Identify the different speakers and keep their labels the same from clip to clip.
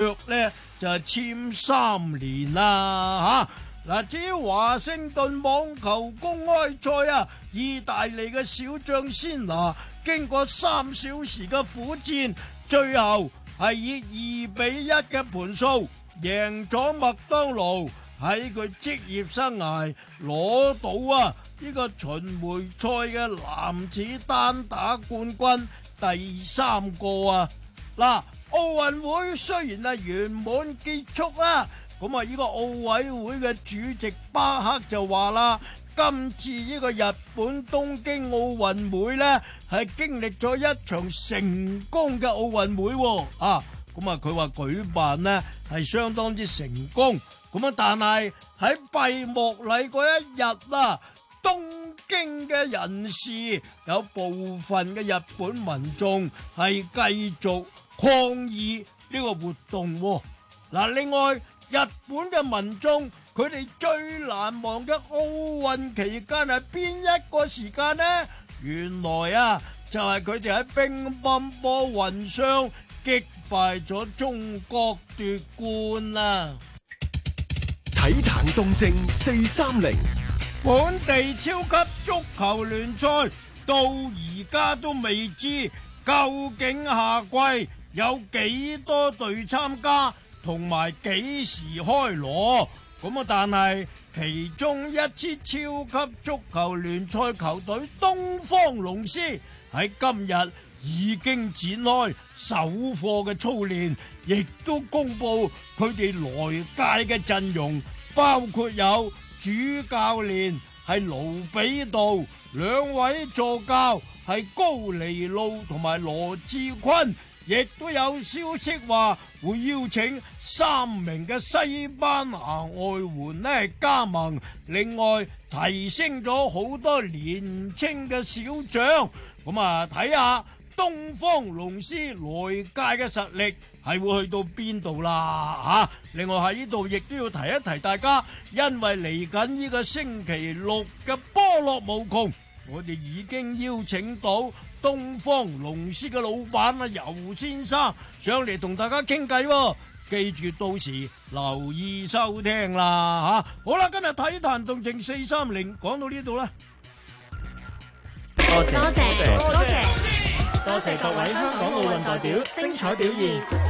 Speaker 1: 約呢就係簽三年啦，吓，嗱、啊，至於華盛頓網球公開賽啊，意大利嘅小將先拿經過三小時嘅苦戰，最後係以二比一嘅盤數贏咗麥當勞，喺佢職業生涯攞到啊呢、這個巡回賽嘅男子單打冠軍第三個啊嗱。啊奧運會雖然係圓滿結束啊，咁啊，呢個奧委會嘅主席巴克就話啦，今次呢個日本東京奧運會呢，係經歷咗一場成功嘅奧運會，啊，咁啊，佢話舉辦呢係相當之成功，咁啊，但係喺閉幕禮嗰一日啦，東京嘅人士有部分嘅日本民眾係繼續。抗議呢個活動喎、啊、嗱，另外日本嘅民眾佢哋最難忘嘅奧運期間係邊一個時間呢？原來啊就係佢哋喺乒乓波球商擊敗咗中國奪冠啦、啊！體壇動靜四三零，本地超級足球聯賽到而家都未知究竟下季。有幾多隊參加，同埋幾時開鑼咁啊？但係其中一支超級足球聯賽球隊東方龍獅喺今日已經展開首課嘅操練，亦都公布佢哋來屆嘅陣容，包括有主教練係盧比杜，兩位助教係高尼路同埋羅志坤。亦都有消息話會邀請三名嘅西班牙外援咧加盟，另外提升咗好多年青嘅小將，咁啊睇下東方龍獅來屆嘅實力係會去到邊度啦吓。另外喺呢度亦都要提一提大家，因為嚟緊呢個星期六嘅波落無窮。我哋已經邀請到東方龍獅嘅老闆阿游先生上嚟同大家傾偈，記住到時留意收聽啦吓。好啦，今日體壇動靜四三零講到呢度啦。多謝多謝多謝多謝各位香港奧運代表精彩表現。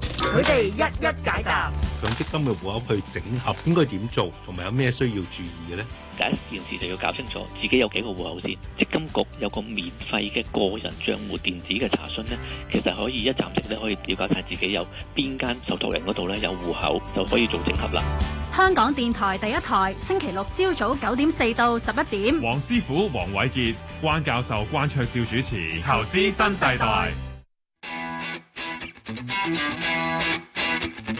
Speaker 1: 佢哋一一解答。強積金嘅戶口去整合應該點做，同埋有咩需要注意嘅呢？第一件事就要搞清楚自己有幾個戶口先。積金局有個免費嘅個人帳戶電子嘅查詢呢，其實可以一站式咧，可以了解下自己有邊間受託人嗰度咧，有戶口就可以做整合啦。香港電台第一台星期六朝早九點四到十一點。黃師傅黃偉傑、關教授關焯照主持《投資新世代》。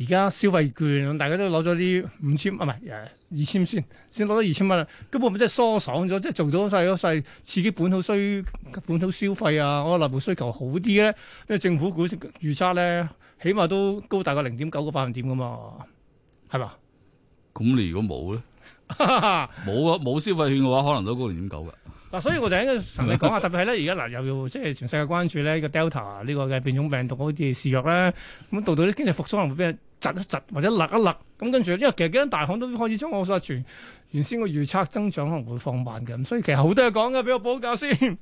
Speaker 2: 而家消費券，大家都攞咗啲五千，啊唔係誒二千先，先攞咗二千蚊啦。根本唔會即係疏爽咗，即係做咗曬嗰曬刺激本土需本土消費啊，我內部需求好啲咧，因為政府估預測咧，起碼都高大過零點九個百分點噶嘛，
Speaker 3: 係嘛？咁你如果冇咧，冇啊！ 冇消費券嘅話，可能都高零點九噶。
Speaker 2: 嗱， 所以我哋喺度同你講下，特別係咧，而家嗱又要即係全世界關注咧，呢個 Delta 呢個嘅變種病毒啲嘅肆虐咧，咁到到啲經濟復甦會唔會窒一窒或者勒一勒，咁、嗯、跟住，因為其實幾間大行都開始將我所傳原先個預測增長可能會放慢嘅，咁所以其實好多嘢講嘅，俾我補教先。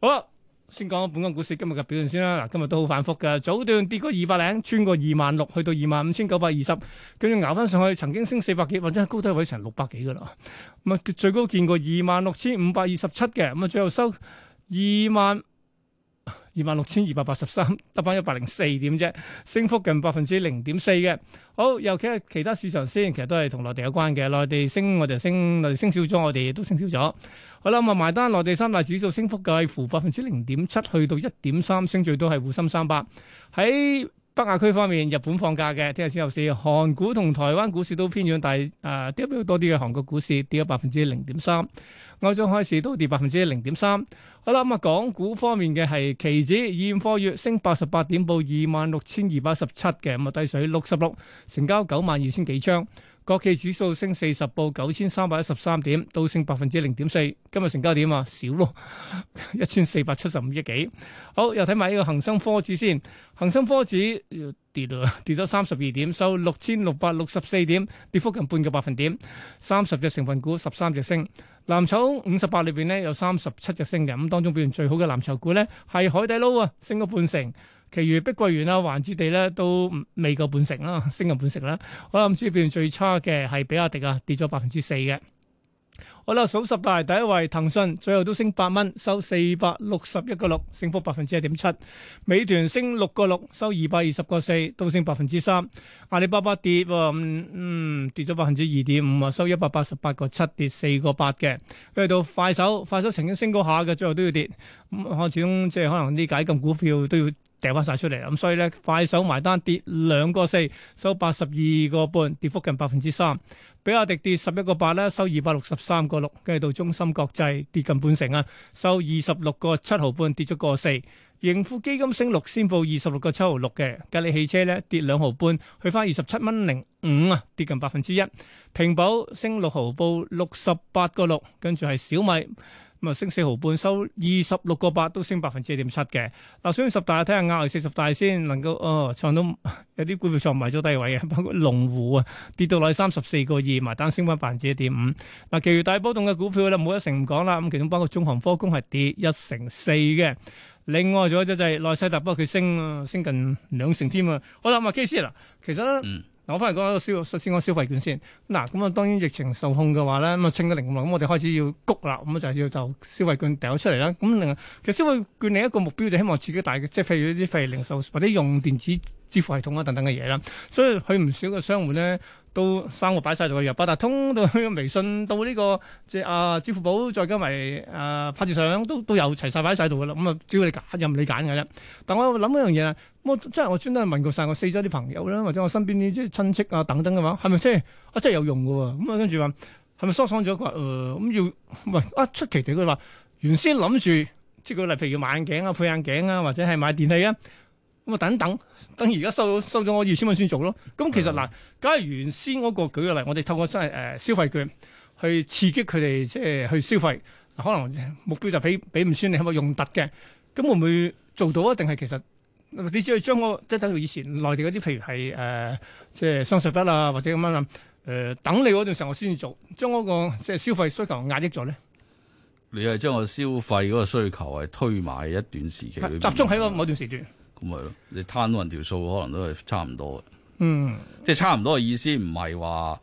Speaker 2: 好，先講下本港股市今日嘅表現先啦。嗱，今日都好反覆嘅，早段跌過二百零，穿過二萬六，去到二萬五千九百二十，跟住咬翻上去，曾經升四百幾，或者係高低位成六百幾嘅啦。咁啊，最高見過二萬六千五百二十七嘅，咁啊最後收二萬。二萬六千二百八十三，得返一百零四點啫，升幅近百分之零點四嘅。好，尤其係其他市場先，其實都係同內地有關嘅。內地升我哋升，內地升少咗我哋亦都升少咗。好啦，咁啊埋單，內地三大指數升幅介乎百分之零點七，去到一點三，升最多係滬深三百喺。北亞區方面，日本放假嘅，聽日先有市。韓股同台灣股市都偏軟，但係誒跌幅多啲嘅，韓國股市跌咗百分之零點三，開張開市都跌百分之零點三。好啦，咁、嗯、啊，港股方面嘅係期指，現貨月升八十八點，報二萬六千二百一十七嘅，咁啊低水六十六，成交九萬二千幾張。國企指數升四十，報九千三百一十三點，都升百分之零點四。今日成交點啊，少咯，一千四百七十五億幾。好，又睇埋呢個恒生科指先，恒生科指跌啊，跌咗三十二點，收六千六百六十四點，跌幅近半個百分點。三十隻成分股，十三隻升，藍籌五十八裏邊咧有三十七隻升嘅，咁當中表現最好嘅藍籌股咧係海底撈啊，升咗半成。其餘碧桂園啦、環知地咧都未夠半成啦，升近半成啦。好、嗯、啦，咁呢段最差嘅係比亞迪啊，跌咗百分之四嘅。好啦，數十大第一位騰訊，最後都升八蚊，收四百六十一個六，升幅百分之一點七。美團升六個六，收二百二十個四，都升百分之三。阿里巴巴跌嗯，嗯，跌咗百分之二點五啊，收一百八十八個七，跌四個八嘅。跟住到快手，快手曾經升過下嘅，最後都要跌咁。我、嗯、始終即係可能啲解禁股票都要。掉翻晒出嚟，咁所以咧，快手埋單跌兩個四，收八十二個半，跌幅近百分之三。比亞迪跌十一個八咧，收二百六十三個六。跟住到中芯國際跌近半成啊，收二十六個七毫半，跌咗個四。盈富基金升六，先報二十六個七毫六嘅。吉利汽車咧跌兩毫半，去翻二十七蚊零五啊，跌近百分之一。平保升六毫，報六十八個六，跟住係小米。咁啊，升四毫半，收二十六個八，都升百分之一點七嘅嗱。所以十大啊，睇下隔籬四十大先能夠哦，唱到有啲股票唱埋咗低位嘅，包括龍湖啊跌到落去三十四個二，埋單升翻百分之一點五嗱。其餘大波動嘅股票咧，冇一成唔講啦。咁其中包括中航科工係跌一成四嘅，另外仲有一隻就係內西達，不過佢升啊，升近兩成添啊。好啦，阿 K 師啦，其實。嗱，我翻嚟講個消，先講消費券先。嗱，咁啊當然疫情受控嘅話咧，咁啊清得零落，咁我哋開始要谷啦，咁就係要就消費券掉出嚟啦。咁另外，其實消費券另一個目標就希望自己大即係譬如啲廢零售或者用電子。支付系統啊等等嘅嘢啦，所以佢唔少嘅商戶咧都生活擺晒喺度入八達通到去個微信到呢、這個即係啊支付寶再加埋啊、呃、拍攝相都都有齊晒擺晒度嘅啦，咁、嗯、啊只要你揀，任你揀嘅啫。但我諗一樣嘢啊，我即係我專登問過晒我四周啲朋友啦，或者我身邊啲即係親戚啊等等嘅話，係咪即係啊真係有用嘅喎？咁啊跟住話係咪疏爽咗佢啊？咁、嗯呃、要喂一、啊、出奇地佢話原先諗住即係佢例如要買眼鏡啊配眼鏡啊或者係買電器啊。咁等等，等而家收咗收咗我二千蚊先做咯。咁其實嗱，梗係、啊、原先嗰個舉個例，我哋透過真係誒消費券去刺激佢哋即係去消費、呃。可能目標就俾俾五千，你可唔可以用突嘅？咁會唔會做到啊？定係其實你只係將我，即係等於以前內地嗰啲，譬如係誒、呃、即係雙十一啊，或者咁樣諗誒、呃、等你嗰段時候我先做，將嗰、嗰個即係消費需求壓抑咗咧？
Speaker 3: 你係將個消費嗰個需求係推埋一段時期集中喺
Speaker 2: 個某段時段。
Speaker 3: 咁咪咯，你攤勻條數，可能都係差唔多嘅。嗯，即係差唔多嘅意思，唔係話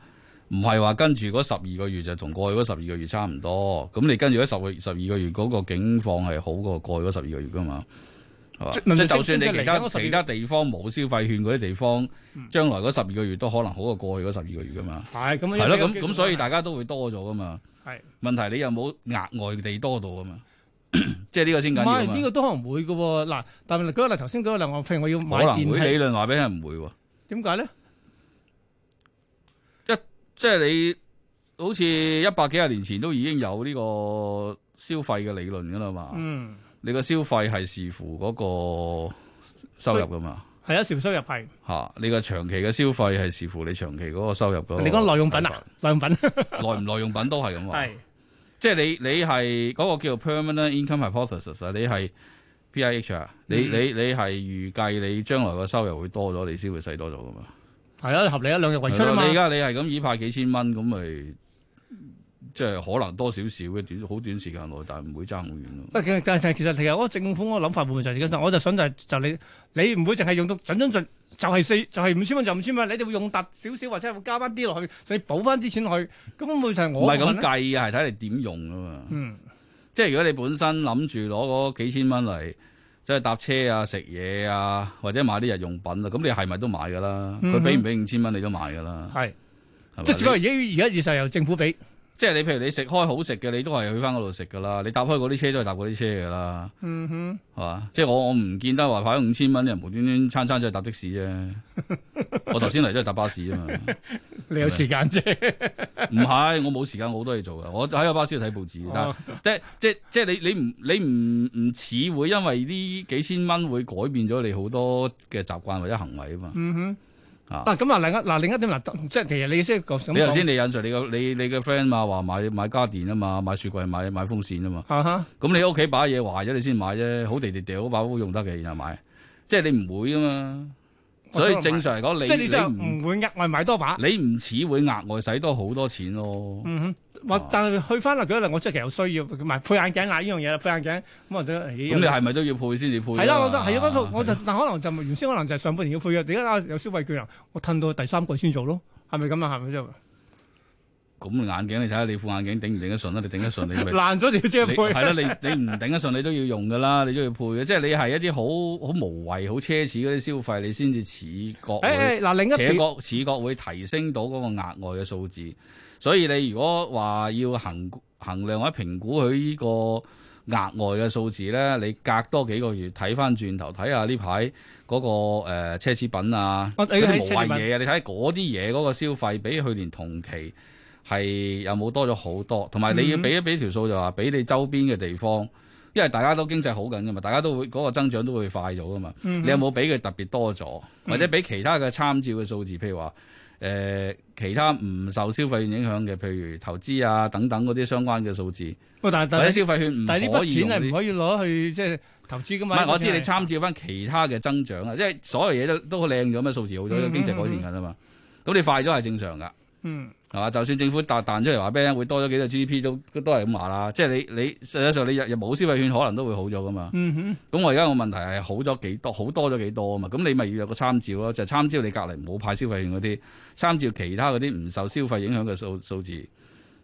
Speaker 3: 唔係話跟住嗰十二個月就同過去嗰十二個月差唔多。咁你跟住嗰十十二個月嗰、嗰個境況係好過過去嗰十二個月噶嘛？即就算你其他其他地方冇消費券嗰啲地方，將來嗰十二個月都可能好過過去嗰十二個月噶嘛？係咁係咯，咁、嗯、咁所以大家都會多咗噶嘛？係的問題你又冇額外地多到啊嘛？ 即係呢個先緊要，買完呢個
Speaker 2: 都可能會嘅，嗱，但係嗰個，嗱，頭先嗰個，嗱，譬如我要買電器，冇人會理
Speaker 3: 論話俾人唔會喎。點解咧？一即係你，好似一百幾十年前都已經有呢個消費嘅理論噶啦嘛。嗯，你個消費係視乎嗰個收入噶嘛？係啊，視乎收入係。吓，你個長期嘅消費係視乎你長期嗰個收入。嗰你講耐用品啊？耐用品，耐唔耐用品都係咁啊？係。 即係你你係嗰個叫做 Permanent Income Hypothesis 啊、嗯，你係 P.I.H 啊，你你你係預計你將來個收入會多咗，你先會使多咗噶嘛？係啊，合理一兩日為出啊嘛！你而家你係咁以派幾千蚊咁咪？即係可能多少少嘅短，好短時間內，但係唔會爭好遠咯。
Speaker 2: 其實其實其實我政府嗰個諗法會唔會就係咁？嗯、我就想就係、是、就你，你唔會淨係用到準準準，就係四就係五千蚊就五千蚊。你哋會用突少少或者會加翻啲落去，所以補翻啲錢落去。咁冇就係我唔係咁計啊，
Speaker 3: 係睇你點用啊嘛。嗯、即係如果你本身諗住攞嗰幾千蚊嚟，即係搭車啊、食嘢啊，或者買啲日用品是是啦，咁、嗯嗯、你係咪都買㗎啦？佢俾唔俾五千蚊，你都買㗎啦。係即係而家而家由政府俾。即係你譬如你食開好食嘅，你都係去翻嗰度食噶啦你搭開嗰啲車都係搭嗰啲車噶啦嗯哼，係嘛？即係我我唔見得話跑五千蚊你人無端端餐餐都係搭的士啫。 我頭先嚟都係搭巴士啊嘛。
Speaker 1: 你有時
Speaker 3: 間啫？唔係，我冇時間，好多嘢做噶我喺個巴士度睇報紙。哦、但即即即你你唔你唔唔似會因為呢幾千蚊會改變咗你好多嘅習慣或者行為啊嘛。嗯哼。嗱
Speaker 2: 咁啊，另一嗱另一點嗱，即係其實你先個想你頭先
Speaker 3: 你引述你個你你嘅 friend 嘛話買買家電啊嘛，買雪櫃買買風扇啊嘛，咁你屋企把嘢壞咗你先買啫，好地地掉，好把屋用得嘅然後買，即係你唔會啊嘛，所以正常嚟講你你唔會額外買多把，你唔似會額外使多好多錢咯，
Speaker 2: 話但係去翻嚟嗰陣，我真係其實有需要，唔係配眼鏡啊呢樣嘢啦，配眼鏡，咁我覺得，咦，咁你係
Speaker 3: 咪都要配先至配、啊？係啦，我覺
Speaker 2: 得係嗰套，我就但可能就原先可能就上半年要配嘅，而家有消費券喇，我褪到第三季先做咯，係咪咁啊？係
Speaker 3: 咪咁嘅眼鏡，你睇下你副眼鏡頂唔頂得順啦？你頂得順你 你，你爛咗你即係配。係啦，你你唔頂得順，你都要用㗎啦，你都要配嘅。即係你係一啲好好無謂、好奢侈嗰啲消費，你先至似覺會扯、哎哎哎啊、覺似覺會提升到嗰個額外嘅數字。所以你如果話要衡衡量或者評估佢呢個額外嘅數字咧，你隔多幾個月睇翻轉頭，睇下呢排嗰個、呃、奢侈品啊嗰啲、啊哎哎啊、無謂嘢啊，你睇嗰啲嘢嗰個消費比去年同期。係有冇多咗好多？同埋你要俾一俾條數就話俾你周邊嘅地方，因為大家都經濟好緊㗎嘛，大家都會嗰個增長都會快咗㗎嘛。你有冇俾佢特別多咗，或者俾其他嘅參照嘅數字？譬如話誒，其他唔受消費影響嘅，譬如投資啊等等嗰啲相關嘅數字。
Speaker 2: 但係或者消費券唔但係呢筆錢係唔可以攞去即係投資㗎嘛？唔係，我知你參
Speaker 3: 照翻其他嘅增長啊，即係所有嘢都都好靚咗咩？數字好咗，經濟改善緊啊嘛，咁、嗯嗯、你快咗係正常㗎。嗯，係嘛？就算政府彈彈出嚟話咩會多咗幾多 GDP 都都係咁話啦，即係你你實際上你日日冇消費券可能都會好咗噶嘛。嗯哼，咁我而家個問題係好咗幾多好多咗幾多啊嘛？咁你咪要有個參照咯，就係參照你隔籬唔好派消費券嗰啲，參照其他嗰啲唔受消費影響嘅數數字。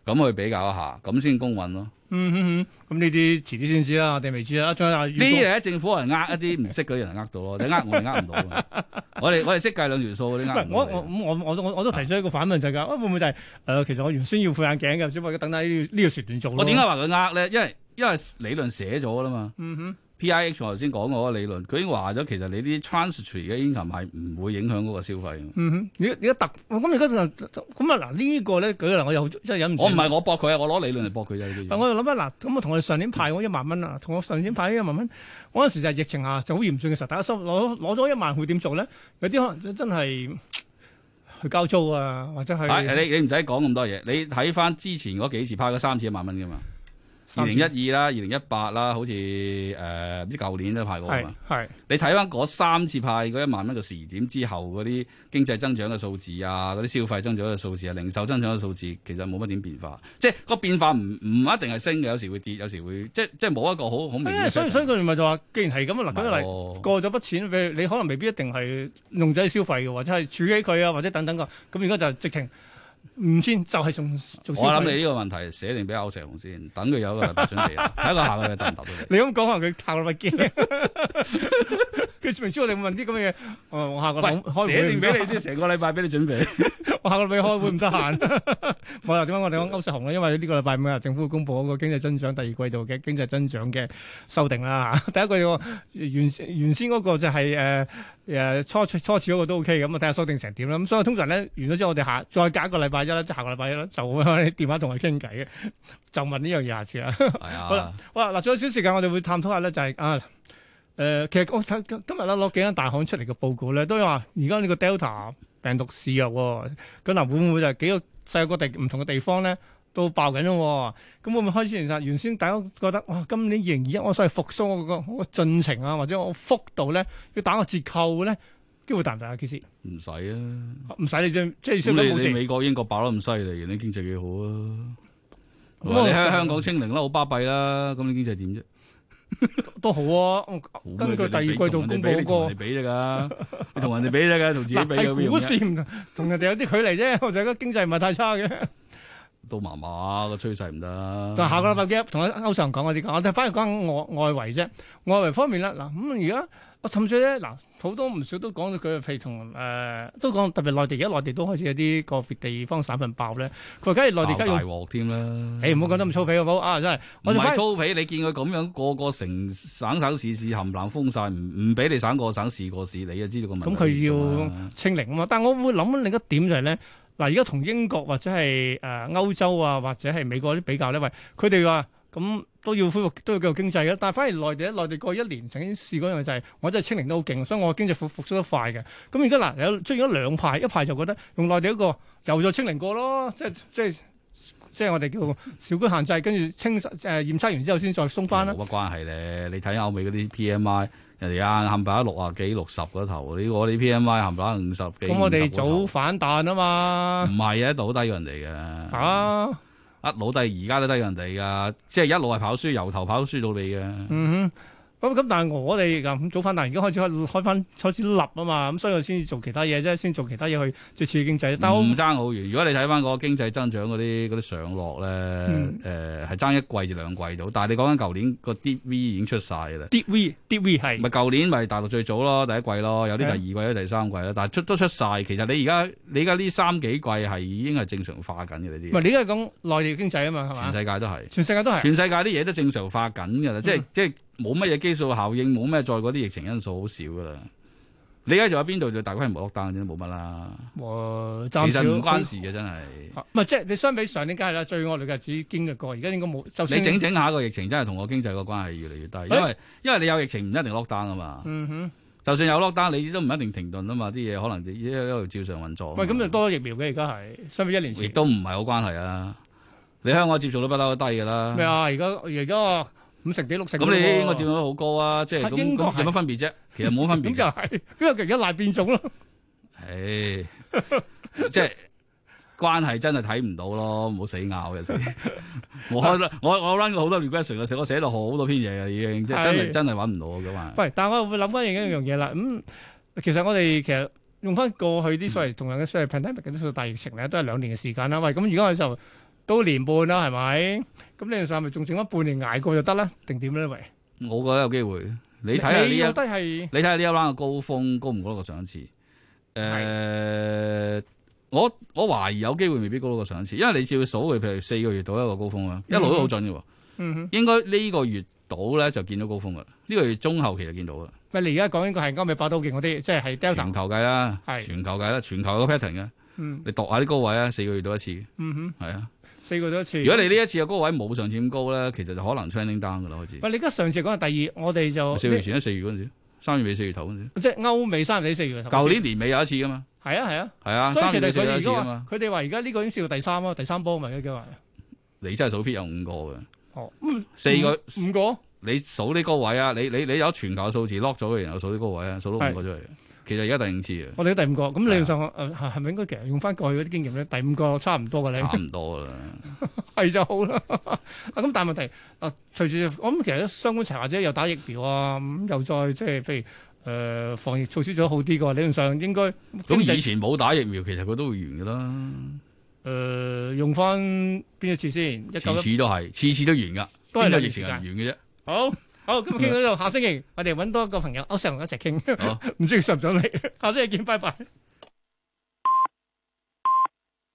Speaker 3: 咁去比較一下，咁先公允咯，嗯。嗯哼
Speaker 2: 哼，
Speaker 3: 咁呢啲遲啲先知啦，我哋未知啊。再呀，呢啲係政府人呃一啲唔識嗰啲人呃到咯，你呃我哋呃唔到。我哋我哋識計兩條數你呃唔到。
Speaker 2: 我我我我我都提出一個反問就係：噶會唔會就係誒？其實我原先要副眼鏡嘅，只不過等等呢呢個時段做。我點解話佢呃咧？因
Speaker 3: 為因為理論寫咗啦嘛。嗯哼。P.I.H. 我頭先講嗰個理論，佢已經話咗其實你啲 transitory 嘅 income 係唔會影響嗰個消費。嗯哼，你而家特，咁而家就
Speaker 2: 咁啊嗱，呢個咧舉
Speaker 3: 例，我又真係忍唔住。我唔係我駁佢啊，我攞理論嚟駁佢啫。嗱，但
Speaker 2: 我又諗啊嗱，咁我同你上年派我一萬蚊啊，同、嗯、我上年派一萬蚊，嗰陣時就係疫情下就好嚴峻嘅時候，大家收攞攞咗一萬，會點做咧？有啲可能真係去交租啊，或者係、啊。你你
Speaker 3: 唔使講咁多嘢，你睇翻之前嗰幾次派嗰三次一萬蚊㗎嘛。二零一二啦，二零一八啦，好似誒唔知舊年都派過啊嘛。
Speaker 2: 係你睇翻
Speaker 3: 嗰三次派嗰一萬蚊嘅時點之後，嗰啲經濟增長嘅數字啊，嗰啲消費增長嘅數字啊，零售增長嘅數字，其實冇乜點變化。即係個變化唔唔一定係升嘅，有時會跌，有時會，有時會即係即係冇一個好好明顯、欸。所以所以佢咪就話，既然係咁，嗱嗰啲嚟
Speaker 2: 過咗筆錢，譬如你可能未必一定係用喺消費嘅，或者係儲起佢啊，或者等等嘅。咁而家就直情。唔千就係仲仲，我諗你呢個
Speaker 3: 問題寫定俾歐石雄先，等佢有一個禮拜準備，睇下下個禮拜佢答唔答
Speaker 2: 到你。你咁講下，佢靠乜嘢？佢 明唔明？我哋問啲咁嘅嘢。我下個禮拜喂開寫定俾你先，成 個禮拜俾你準備。 我下個禮拜開會唔得閒。 我又點解我哋講歐石雄呢？因為呢個禮拜五政府會公布嗰個經濟增長第二季度嘅經濟增長嘅修訂啦。第一個原原先嗰個就係誒誒初初始嗰個都 OK 咁啊，睇下修訂成點啦。咁所以通常咧完咗之後我，我哋下再隔一個禮拜，拜一啦，即下個禮拜一啦，就會開電話同佢傾偈嘅，就問呢樣嘢下次、就是、啊。好啦，哇嗱，仲有少時間，我哋會探討下咧，就係啊，誒，其實我睇今日咧攞幾間大行出嚟嘅報告咧，都話而家呢個 Delta 病毒肆虐、哦，咁、啊、嗱會唔會就係幾個世界各地唔同嘅地方咧都爆緊咯？咁會唔會開始其實原先大家覺得哇，今年二零二一我所謂復蘇嗰個進程啊，或者我幅度咧要打個折扣咧？機會大唔大啊？其實
Speaker 3: 唔使啊，
Speaker 2: 唔使你先，即係你先好似美
Speaker 3: 國、英國爆得咁犀利，你經濟幾好啊？你喺香港清零啦，好巴閉啦，咁你經濟點啫？
Speaker 2: 都好啊，根
Speaker 3: 據第二季度公布嗰個，你同人哋比噶，同人哋比咧噶，同自己比嗰邊。係
Speaker 2: 股唔同，同人哋有啲距離啫，我就覺得經濟唔係太差嘅，
Speaker 3: 都麻麻個趨勢唔得。嗱，下個禮拜一同阿
Speaker 2: 歐尚講嗰啲講，我哋返去講外外圍啫，外圍方面啦，嗱咁而家。我沉著咧，嗱好多唔少都講咗佢，譬如同誒都講，特別內地而家內地都開始有啲個別地方省份爆咧。佢梗家，內地梗家大鍋
Speaker 3: 添啦。你唔好講得咁粗鄙好啊！真係唔係粗鄙，你見佢咁樣個個城省省市市冚冷封晒，唔唔俾你省過省市過市，你就知道個問題。咁佢要
Speaker 2: 清零啊嘛！但係我會諗另一點就係咧，嗱而家同英國或者係誒歐洲啊，或者係美國啲比較咧，喂佢哋話。咁、嗯、都要恢復，都要繼續經濟嘅，但係反而內地咧，內地過去一年曾經試過一樣就係，我真係清零得好勁，所以我經濟復復甦得快嘅。咁而家嗱，有出現咗兩排，一排就覺得用內地嗰個又再清零過咯，即係即係即係我哋叫小區限制，跟住清誒、呃、驗
Speaker 3: 測完之後先再鬆翻、嗯、啦。冇乜關係咧，你睇歐美嗰啲 PMI，人哋啊冚唪唥六啊幾六十嗰頭，你、呢個、我啲 PMI 冚唪唥五十幾五十個頭。咁我哋早反彈啊嘛，唔係啊，好低人哋嘅。嚇、嗯！阿老弟而家都得人哋噶，即係一路係跑輸，由頭跑輸到尾嘅。嗯哼
Speaker 2: 咁咁、嗯，但係我哋咁、嗯、早翻，但係而家開始開開翻，開始立啊嘛，咁、嗯、所以我先做其他嘢啫，先做其他嘢去接住經濟。都唔
Speaker 3: 爭好遠。如果你睇翻個經濟增長嗰啲嗰啲上落咧，誒係爭一季至兩季到。但係你講緊舊年個 D V 已經出曬啦。D V D V 係咪？舊年咪大陸最早咯，第一季咯，有啲第二季是第三季啦。但係出都出晒。其實你而家你而家呢三幾季係已經係正常化緊嘅呢啲。唔係你而
Speaker 2: 家講內地經濟啊嘛，全世
Speaker 3: 界都係，全世界都係，全世界啲嘢都正常化緊㗎啦，即係即係。嗯冇乜嘢基數效應，冇咩再嗰啲疫情因素，好少噶啦。你而家仲有邊度就大規模落單啫，冇乜啦。哇，時其實唔關事嘅，真係。
Speaker 2: 唔係即係你相比上年梗係啦，最惡劣嘅只經歷過，而家應該冇。你整整
Speaker 3: 下個疫情，真係同我經濟個關係越嚟越低，欸、因為因為你有疫情唔一定落單啊嘛。
Speaker 2: 嗯、
Speaker 3: 哼就算有落單，你都唔一定停頓啊嘛，啲嘢可能一路照常運作。喂、嗯，咁就多疫苗嘅而家係相比一年前，亦都唔係好關係啊。你香港接觸都不嬲低噶啦。咩啊？而家而家。 啊五成幾六成咁你應該佔到好高啊！應該即係咁咁有乜分別啫？其實冇乜分別。咁 就係、是，因為佢而家賴變種咯。誒、 哎，即、就、係、是、關係真係睇唔到咯，唔好死拗嘅 我我我 run 過好多 regression 嘅時候，我寫咗好多篇嘢啊，已經，即係真係是真係揾唔到嘅嘛。
Speaker 2: 喂，但係我又會諗翻另一樣嘢啦。咁、嗯、其實我哋其實用翻過去啲所謂同樣嘅所謂 pandemic 呢個大疫情咧，都係兩年嘅時間啦。喂，咁而家就。到年半啦，係咪？咁你哋上咪仲剩咗半年捱過就得啦，定點咧？喂，
Speaker 3: 我覺得有機會。你睇下呢一，你睇下呢一 round 嘅高峰高唔高得過上一次？誒、呃的，我我懷疑有機會未必高得過上一次，因為你照數嚟，譬如四個月到一個高峰啊，嗯、哼一路都好準嘅。嗯哼，應該呢個月到咧就見到高峰啦。呢、這個月中後期就見到啦。
Speaker 2: 喂，你而家講應該係歐美八刀勁嗰啲，即係係全
Speaker 3: 球計啦，係全球計啦，全球個 pattern 嘅。嗯、你度下啲高位啊，四個月到一次。嗯哼，係啊。
Speaker 2: 四個多次，如果你呢
Speaker 3: 一次嘅高位冇上次咁高咧，其實就可能 training down 嘅啦，開始。
Speaker 2: 唔，你而家上次講係第二，我哋就四月
Speaker 3: 前咧，四月嗰陣時，三月尾四月頭嗰陣
Speaker 2: 時，即係歐美三月尾四月頭。舊年
Speaker 3: 年尾有一次噶嘛？係啊係啊係啊，三月尾四一次噶嘛？
Speaker 2: 佢哋話而家呢個已經試到第三咯，第三波咪佢哋話。
Speaker 3: 你真係數 p 有五個嘅，哦，四個五個，你數呢個位啊，你你你有全球數字 lock 咗嘅，然後數呢個位啊，數到五個出嚟。其實而家第五次啊，我
Speaker 2: 哋第五個，咁、 嗯嗯、理論上誒係咪應該其實用翻過去嗰啲經驗咧？第五個差唔多嘅，咧，差唔多啦，係 就好啦。咁、 啊、但係問題誒，隨、啊、住我諗，其實相關策劃者又打疫苗啊，咁又再即係譬如誒、呃、防疫措施做得好啲嘅，理論上應該咁、嗯、以
Speaker 3: 前冇打疫苗，其實佢都會完噶啦。誒、呃，用翻邊一次先？次次都係，次次都完噶，都係個疫情唔完嘅啫。
Speaker 2: 好。好、哦，今日傾到呢度。嗯、下星期我哋揾多一個朋友，嗯、我成日同佢一齊傾。
Speaker 3: 唔知佢想唔想嚟？ 下
Speaker 2: 星期見，拜拜。